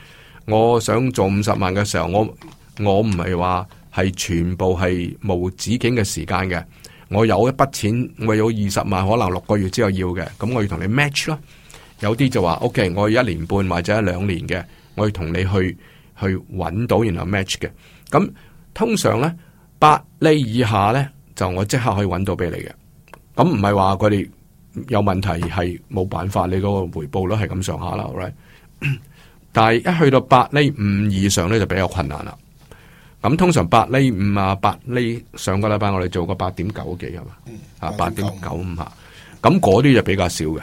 我想做五十萬嘅時候，我我唔係話係全部係無止境嘅時間嘅。我有一筆錢，我有二十萬，可能六個月之後要嘅。咁我要同你 match 咯。有啲就話，OK，我要一年半或者一兩年嘅，我要同你去去揾到然後 match 嘅。咁通常咧，八厘以下咧，就我即刻可以揾到俾你嘅，咁唔係話佢哋有問題係冇辦法，你嗰個回報率係咁上下啦，all right？但係一去到八厘五以上咧，就比較困難啦。咁通常八厘五啊，八厘，上個禮拜我哋做過八點九幾係嘛？啊八點九五啊，咁嗰啲就比較少嘅，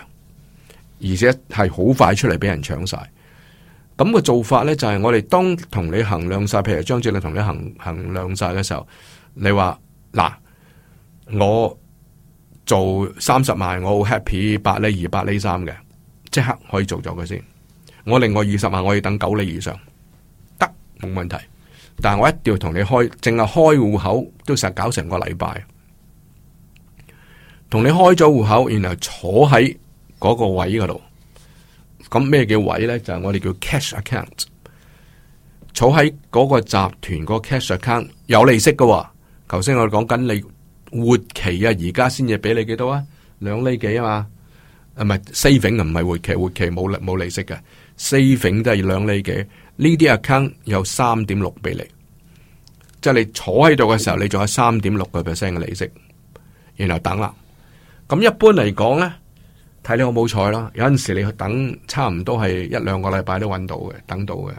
而且係好快出嚟俾人搶晒。咁個做法咧，就係、是、我哋當同你衡量晒，譬如張志亮同你衡衡量晒嘅時候，你話嗱，我做三十萬，我好 happy，八厘二、八厘三嘅，即刻可以做咗佢先。我另外二十萬，我要等九厘以上，得冇問題。但係我一定要同你開，淨係開戶口都成日搞成個禮拜，同你開咗戶口，然後坐喺嗰個位嗰度。咁咩叫位咧？就係我哋叫 cash account，儲喺嗰個集團個 cash account 有利息噶。頭先我哋講緊你活期啊，而家先至俾你幾多啊？兩厘幾啊嘛？係咪？saving 唔係活期，活期冇利冇利息嘅，saving 都係兩厘幾。呢啲 account 有三點六俾你。即係你坐喺度嘅時候，你仲有三點六個 percent 嘅利息，然後等啦。咁一般嚟講咧。睇你好冇彩啦。有陣時你去等差唔多係一兩個禮拜都搵到嘅，等到嘅。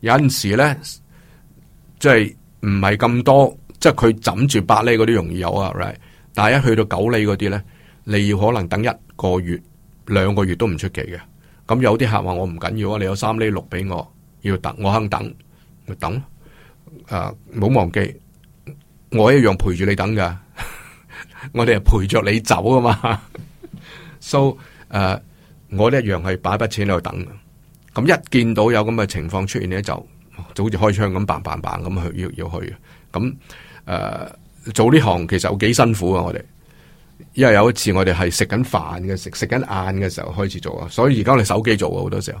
有陣時咧，即係唔係咁多，即係佢枕住八厘嗰啲容易有啊，right? 但係一去到九厘嗰啲咧，你要可能等一個月、兩個月都唔出奇嘅。咁有啲客話我唔緊要啊，你有三厘六俾我，要等我肯等要等，唔冇、啊、忘記我一樣陪住你等噶， 我哋係陪着你走啊嘛。So，誒、uh，我一樣係擺筆錢喺度等的。咁一見到有咁嘅情況出現咧，就就好似開槍咁，bang bang bang 咁去要要去。咁誒，uh, 做呢行其實有幾辛苦啊！我哋因為有一次我哋係食緊飯嘅，食食緊晏嘅時候開始做啊。所以而家我哋手機做啊，好多時候。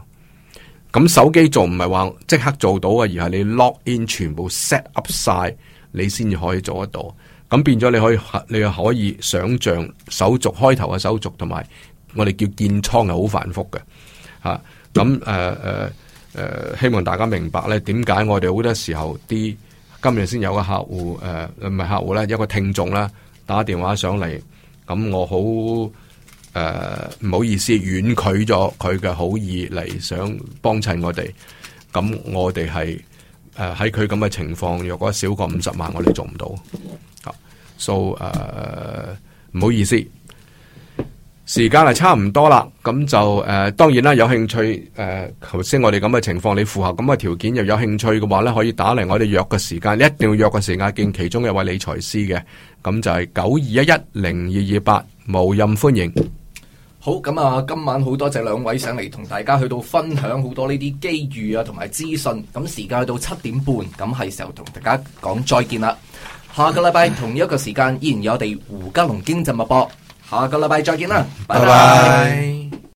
咁手機做唔係話即刻做到啊，而係你 log in 全部 set up 晒，你先至可以做得到。咁變咗，你可以你又可以想象，手續開頭嘅手續，同埋我哋叫建倉係好繁複嘅嚇。咁誒誒希望大家明白咧，點解我哋好多時候啲今日先有個客戶誒，唔係客戶咧，一個聽眾啦，打電話上嚟，咁我好誒唔好意思婉拒咗佢嘅好意嚟，想幫襯我哋。咁我哋係喺佢咁嘅情況，若果少過五十萬，我哋做唔到。數誒，唔、so, uh, 好意思，時間係差唔多啦，咁就誒，uh, 當然啦，有興趣誒，頭、uh, 先我哋咁嘅情況，你符合咁嘅條件又有興趣嘅話呢，可以打嚟我哋約嘅時間，你一定要約嘅時間，見其中一位理財師嘅，咁就係九二一一零二二八，8, 無任歡迎。好，咁啊，今晚好多謝兩位上嚟同大家去到分享好多呢啲機遇啊，同埋資訊，咁時間去到七點半，咁係時候同大家講再見啦。下個禮拜同一個時間依然有我哋胡嘉龍經濟脈搏，下個禮拜再見啦，拜拜 bye。Bye bye